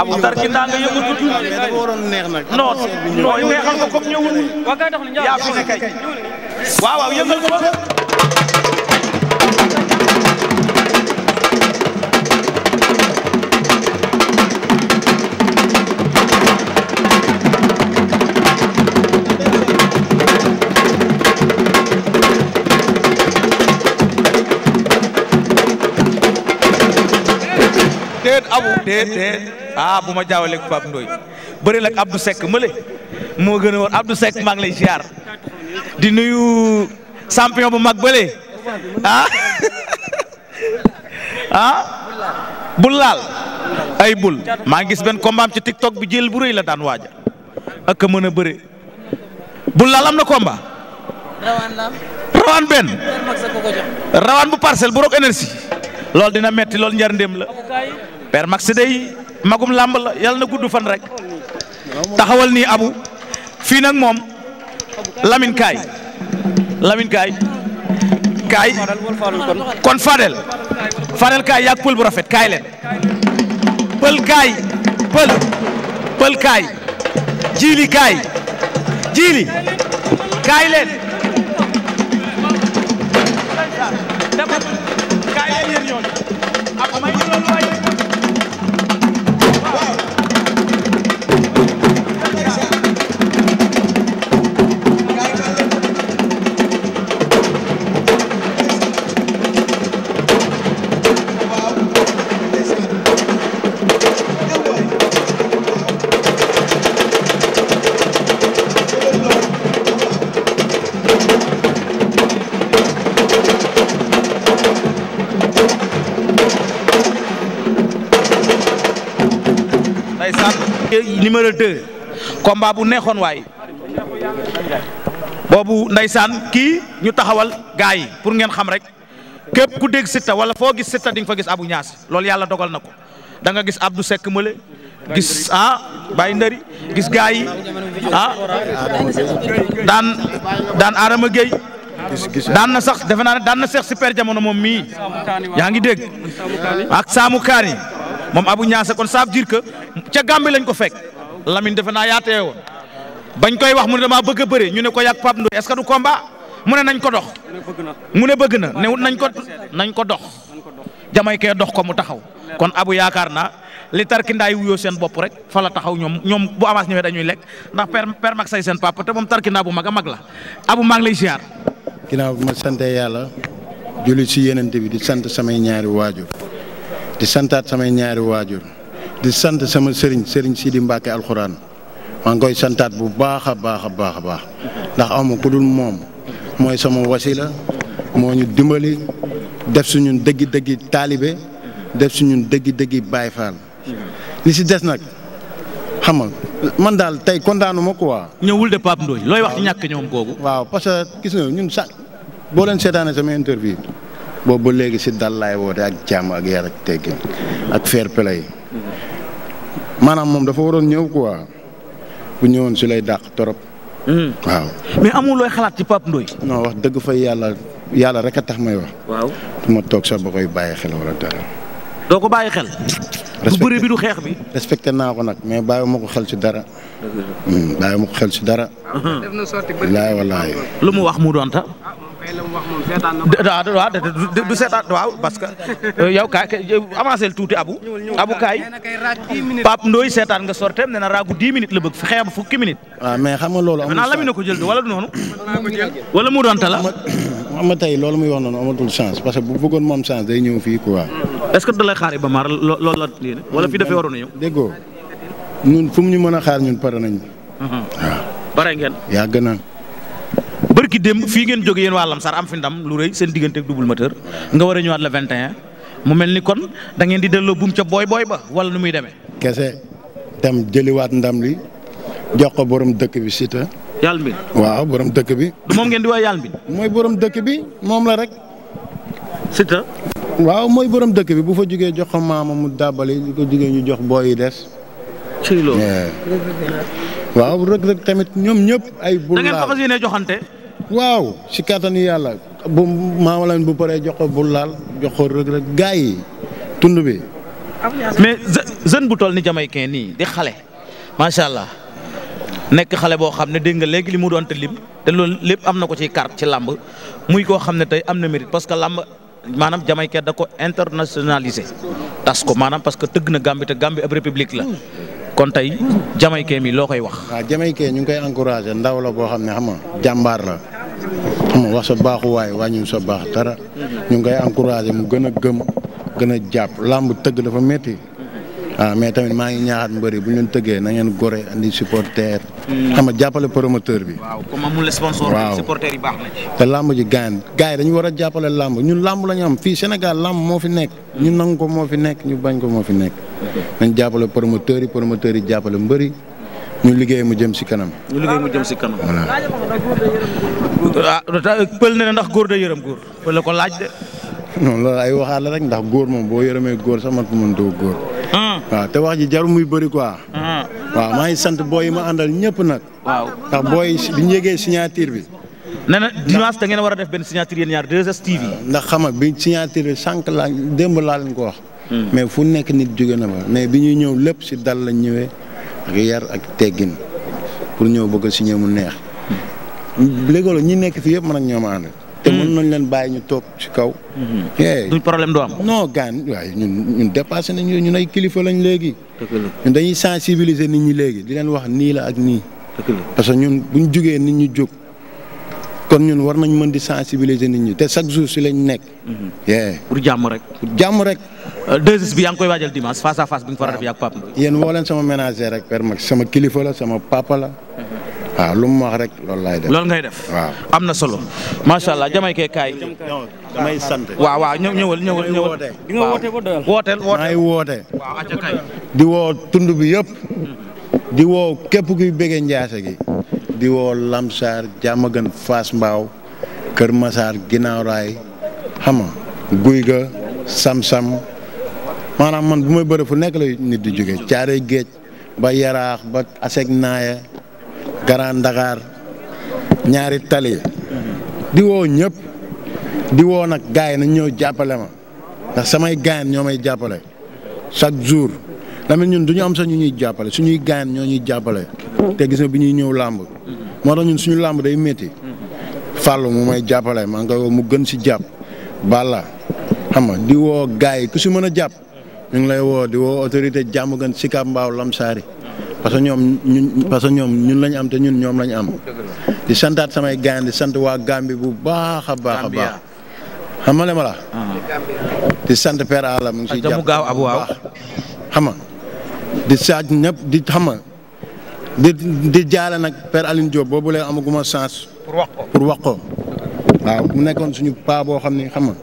abu tarki naa nga yëngu tuuti. non non neexal ko comme ñëwul. yaa fi ne kay. waaw waaw yëngal ko. abu déet déet ah bu ma jaawaleeg Pape Ndoye bëri nag Abdou Seck mële moo gën a woon Abdou Seck maa ngi lay ziar di nuyu champion bu mag bële ah ah laal ay bul maa ngi gis benn kombaam ci tiktok bi jël bu rëy la daan waaja ak a mën a laal am na komba rawaan benn rawaan bu parcelle bu rog énergie loolu dina metti loolu njar ndéem la Père Max day magum làmb la yàlla na gudd fan rek taxawal nii abu fii nag moom Lamine kaay Lamine kaay kaay kon Fadel Fadel kaay yaag pël bu rafet kaay leen pël kaay pël pël kaay jiili kaay jiili kaay leen numéro 2 combat bu neexoon waay boobu ndeysaan kii ñu taxawal gaa yi pour ngeen xam rek képp ku dégg Siteu wala foo gis Siteu di nga fa gis abu ñaas loolu yàlla dogal na ko danga nga gis Abdou sekk Mële gis ah Baye Ndari gis gaa yi ah daan daan Adama Gueye daan na sax defe naa ne daan na seex super jamono moom mii yaa ngi dégg ak Saamu Kaani moom Abou Niasse kon ça veut dire que ca Gàmbi lañ ko fekk Lamine defe naa yaatee woon bañ koy wax mu ne damaa bëgg a bëre ñu ne ko yàgg Pape Ndoye est-ce que du combat mu ne nañ ko dox mu ne bëgg na ne nañ ko nañ ko dox jamay kee dox ko mu taxaw kon abu yaakaar naa li tarkindaay wuyoo seen bopp rek fa la taxaw ñoom ñoom bu avance ñëwee dañuy lekk ndax per per mag say seen papa te moom tarkindaa bu mag a mag la Abou mag ngi lay ziar. ginnaaw bi ma sant yàlla julli si yeneen bi di sant samay ñaari waajur. di santaat samay ñaari waajur di sant sama sëriñ sëriñ Sidi Mbacke alxuraan maa ngi koy santaat bu baax a baax a baax a baax ndax amu ku dul moom mooy sama wasila moo ñu dimbali def suñu dëggi dëggi taalibe def suñu dëggi dëggi Baay Faal li si des nag xam nga man daal tey kontaanu ma quoi. ñëwul de Pape Ndoye looy wax ci ñàkk ñoom googu. waaw parce que gis nga ñun sax boo leen seetaanee sama interview. boobu ba léegi si dal laay de ak jàmm ak yar ak teggin ak fair play maanaam moom dafa waroon ñëw quoi bu ñëwoon si lay dàq torop hmm. waaw. mais amul looy xalaat ci Pape Ndoye. wax dëgg fa yàlla yàlla rek a tax may wax. waaw ma toog sax ba koy bàyyi xel wala dara. doo ko bàyyi xel. du bëri bi du xeex bi. respecté naa ko nag mais bàyyi ma ko xel ci dara. Hmm, bàyyi ma ko xel ci dara. Hmm. def na sorti lu mu wax mu doon waaw du seetaan waaw parce que euh, yow kaay avancé tuuti abu abu kaay Pape Ndoye seetaan nga sorteem nee na raagu 10 minutes la bëgg fi xeebu fukki minutes. waaw ah, mais xam loolu amul chance Lamine loolu muy wax noonu amatul chance parce que bu bëggoon moom chance day ñëw fii quoi. est que da lay xaar Iba Mar loolu la wala fii dafay waroon a ñëw. déggoo ñun fu ñu mën a xaar ñun pare nañu. Uh-huh. waaw. bare ngeen. yàgg na. bërki démb fii ngeen jóge yéen waa Lamsar am fi ndam lu rëy seen diggante ak double moteur nga war a ñëwaat le mu mel ni kon da ngeen di delloo buum ca booy booy ba wala nu muy demee. kese tam jëliwaat ndam li jox ko borom dëkk bi Siteu. yàlla mbin waaw borom dëkk bi. du moom di woowee yàlla mbin. mooy borom dëkk bi moom la rek. Siteu. waaw mooy borom dëkk bi bu fa jugee jox ko mu dàbbali li ko jugee ñu jox booy yi des. ci loolu. Eh. waaw rëg rëg tamit ñoom ñëpp ay. bul da ngeen ko fas yéenee joxante. waaw si kattanu yàlla bu maamalan bu paree jox ko bu laal jox ko rëg rëg gaa yi tund bi. mais jeune bu toll ni jamaïcain nii di xale macha allah nekk xale boo xam ne dégg nga léegi li mu doon te lim te lool lépp am na ko ci carte ci làmb muy koo xam ne tey am na mérite parce que làmb maanaam jamaïcain da ko internationalisé tas ko maanaam parce que tëgg na Gambie te Gambie ab république la kon tey jamaïcain mi loo koy wax. waaw jamaïcain ñu ngi koy encouragé ndaw boo xam ne xam nga jàmbaar la. xam wax sa baaxuwaay wàññiwul sa baax dara. ñu ngay encouragé mu gën a gëm gën a jàpp làmb tëgg dafa métti. waaw ah, mais tamit maa ngi ñaaxaat mbëri bu ñu leen tëggee na ngeen gore andi supporter. Hmm. xam nga jàppale promoteur bi. waaw comme amul te làmb ji gaan gars yi dañu war a jàppale làmb ñun làmb la ñu am fii Sénégal làmb moo fi nekk. ñu nangu ko moo fi nekk ñu bañ ko moo fi nekk. nañ jàppale promoteur yi promoteur yi jàppale mbëri ñu liggéey mu jëm si kanam. ñu si kanam. Ah, pël ne na ndax góor da yërëm góor pël la ko laaj de. non loolu ay waxaat la rek ndax góor moom boo yërëmee góor sax man ko doo góor. Ah. waaw te wax ji jaru muy bëri ko ah. waaw maa ngi sant booy yi ma àndal ñëpp nag. waaw ndax booy yi bi ñu yëgee signature bi. nee na dimanche da ngeen war a def benn signature yéen ñaar 2STV. ndax xam bi signature bi sànq laa démb laa leen ko wax. Hmm. mais fu nekk nit jóge na ma mais bi ñuy ñëw lépp si dal lañ ñëwee ak yar ak teggin pour ñëw bëgg si signé mu neex. léegoo ñu nekk fii yëpp mën ak ñoom ànd. te mën hmm. nañ leen bàyyi ñu toog ci kaw. Hmm. du problème du am. non gaan waaye ñun ñun dépassé nañ ñun ay kilifa lañ léegi. ñun dañuy sensibiliser nit ñi léegi di leen wax nii la ak nii. parce que ñun buñ jugee nit ñu jóg. kon ñun war nañ mën di sensibiliser nit ñi te chaque jour si lañ nekk. Hmm. pour jàmm rek. pour jàmm rek. 2 euh, bi yaa ngi koy waajal dimanche face à face bi di def ak Pape Ndoye. yéen woo leen sama ménager rek Père sama kilifa la sama papa la. waaw lu mu wax rek loolu laay def. loolu ngay def waa am na solo macha allah jamay kee kaay. may sant. waaw waaw ñëw ñëwal di nga woote ba doyal. wooteel wooteel woote. di woo tund bi yëpp. di woo képp kuy bëggee njaase gi. di woo Lamsaar Diamaguène fas mbaaw Kër Masaar Ginnaaw Raay xam guy ga sam-sam maanaam man bu may bëri fu nekk la nit di jóge caare géej ba yaraax ba aseg naaya Grand Dakar ñaari tali diwoo woo ñëpp di woo nag gars yi nañ ñëw jàppale ma ndax samay gaayan ñoo may jàppale chaque jour damit ñun duñu ñu am sax ñu ñuy jàppale suñuy gaayan ñoo ñuy jàppale te gis nga bi ñuy ñëw làmb moo tax ñun suñu làmb day métti Fallou mu may jàppale maa ngi woo mu gën si jàpp bala xam nga di woo gars yi ku si mën a jàpp ñu ngi lay woo di woo autorité jàmm gën Sicap Mbao Lamsaari parce que ñoom ñun parce que ñoom ñun lañ am te ñun ñoom lañ am. di santaat samay gaañ di sant waa Gambie bu baax a baax a baax. xam nga ma la. Ah. di sant Père Alla mu ngi siy jàpp gaaw ab waaw xam nga di saaj ñëpp di xam di jaale nag Père Aline Diop boobu lee amaguma chance. pour wax ko waaw mu nekkoon suñu paa boo xam ni xam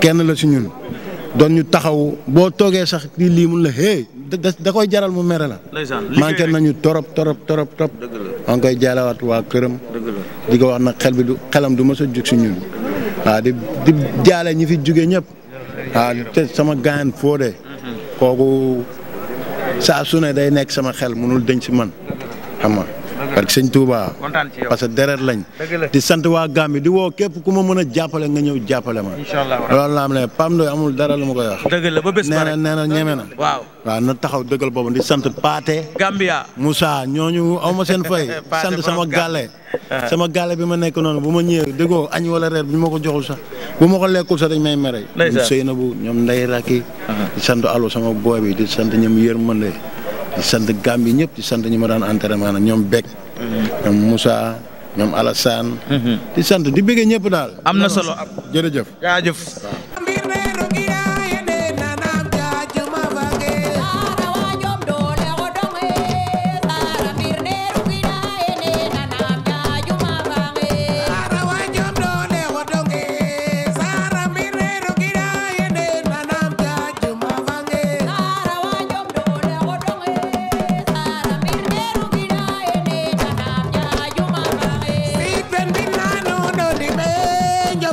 kenn la si ñun doon ñu taxaw boo toogee sax di lii mun la hey da koy jaral mu mere la. manqué nañu torop torop torop torop. maa ngi koy jaalawaat waa këram. di ko wax nag xel bi du xelam du mës a jug si ñun. waaw di di jaale fi jugee ñëpp. waaw te sama gaayan Fodé. Mhm. kooku saa su ne day nekk sama xel munul denc man xam barke sëñ Touba parce que deret lañ di sant waa Gàmbi di woo képp ku ma mën a jàppale nga ñëw jàppale ma loolu la am ne Pape Ndoye amul dara lu ma koy wax nee na nee na ñeme na waaw waaw na taxaw dëggal boobu di sant Paate Gambia Moussa ñooñu aw ma seen fay sant sama gàlle sama gàlle bi ma nekk noonu bu ma ñëwee déggoo añ wala reer bi ma ko joxul sax bu ma ko lekkul sax dañ may mere ñoom sëy na bu ñoom nday rakki di sant alo sama booy di sant ñoom yërmande di sant gàmm yi ñëpp di sant ñi ma daan ñoom Bek. ñoom Moussa ñoom Alassane. Mm-hmm. di sant di bëggee ñëpp daal. am na solo jërëjëf. jaajëf.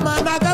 maanaam